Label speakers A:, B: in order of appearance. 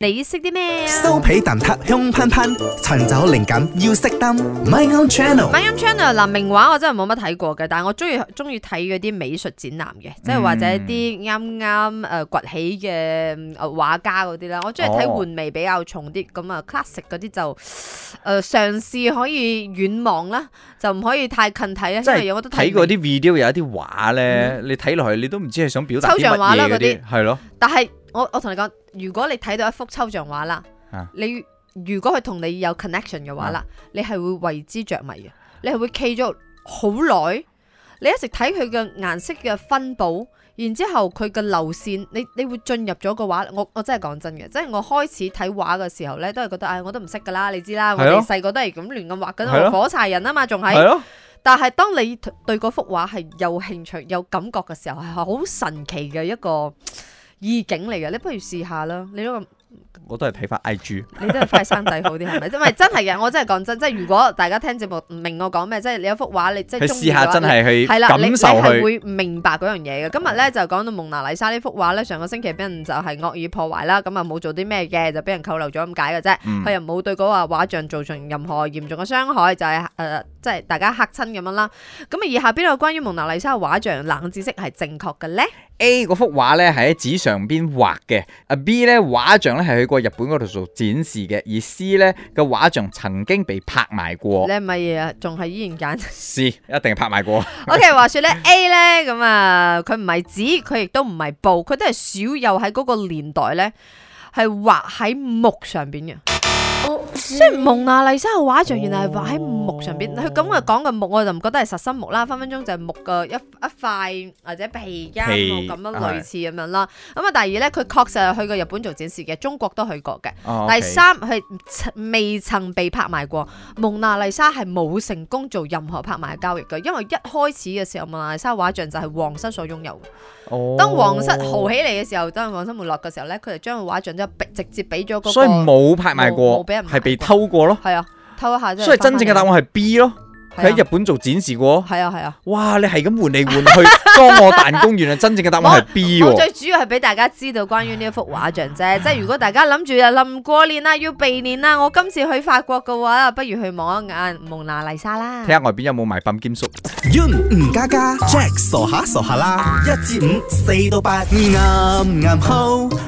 A: 你識啲咩？收皮蛋撻香噴噴，尋找靈感要識燈。My own channel，My own channel、啊。嗱，名畫我真係冇乜睇過嘅，但係我中意中意睇嗰啲美術展覽嘅，即、嗯、係或者啲啱啱誒崛起嘅畫、呃、家嗰啲啦。我中意睇玩味比較重啲，咁、哦、啊，classic 嗰啲就誒嘗試可以遠望啦，就唔可以太近睇啊。即係我都睇過啲 video，有一啲畫咧，嗯、你睇落去你都唔知係想表達抽象畫啦嗰啲，係咯但。但係。我我同你講，如果你睇到一幅抽象畫啦，你如果佢同你有 connection 嘅話啦、啊，你係會為之着迷嘅，你係會企咗好耐，你一直睇佢嘅顏色嘅分佈，然之後佢嘅流線，你你會進入咗個畫，我我真係講真嘅，即係我開始睇畫嘅時候咧，都係覺得，唉，我都唔識噶啦，你知啦，我哋細個都係咁亂咁畫緊火柴人啊嘛，仲喺，但係當你對嗰幅畫係有興趣、有感覺嘅時候，係好神奇嘅一個。意境嚟噶，你不如試下啦，你攞個。我都係睇翻 I G，你都係快生仔好啲係咪？真係真係嘅，我真係講真，即係如果大家聽節目唔明我講咩，即係你有幅畫，你即係佢試下真係去感受去，會明白嗰樣嘢嘅。今日咧就講到蒙娜麗莎呢幅畫咧，上個星期俾人就係惡意破壞啦，咁啊冇做啲咩嘅，就俾人扣留咗咁解嘅啫。佢、嗯、又冇對嗰個畫像造成任何嚴重嘅傷害，就係、是、誒、呃，即係大家吓親咁樣啦。咁啊，以下邊度關於蒙娜麗莎畫像冷知識係正確嘅咧？A 嗰幅畫咧係喺紙上邊畫嘅，啊 B 咧畫像。係去過日本嗰度做展示嘅，而 C 咧個畫像曾經被拍賣過。你唔係啊？仲係依然揀？是，一定係拍賣過。 OK，話說咧，A 咧咁啊，佢唔係紙，佢亦都唔係布，佢都係少有喺嗰個年代咧係畫喺木上邊嘅。Oh. 即係蒙娜麗莎嘅畫像，原嚟係畫喺木上邊。佢咁嘅講嘅木，我就唔覺得係實心木啦，分分鐘就係木嘅一一塊或者皮膠咁樣類似咁樣啦。咁啊，第二咧，佢確實係去過日本做展示嘅，中國都去過嘅。第三，佢未曾被拍賣過。蒙娜麗莎係冇成功做任何拍賣交易嘅，因為一開始嘅時候，蒙娜麗莎嘅畫像就係皇室所擁有。哦。當皇室豪起嚟嘅時候，當王室沒落嘅時候咧，佢就將個畫像就直接俾咗嗰個。所以冇拍賣過。俾人係。未偷過咯，係啊，偷一下啫。所以真正嘅答案係 B 咯，佢喺、啊、日本做展示過。係啊係啊，啊，哇，你係咁換嚟換去，當 我彈弓，原 來真正嘅答案係 B 我。我最主要係俾大家知道關於呢一幅畫像啫， 即係如果大家諗住啊臨過年啊要避年啊，我今次去法國嘅話，不如去望一眼蒙娜麗莎啦。睇下外邊有冇埋份兼職。Un 吳家家 Jack 傻下傻下啦，一至五四到八，啱啱好。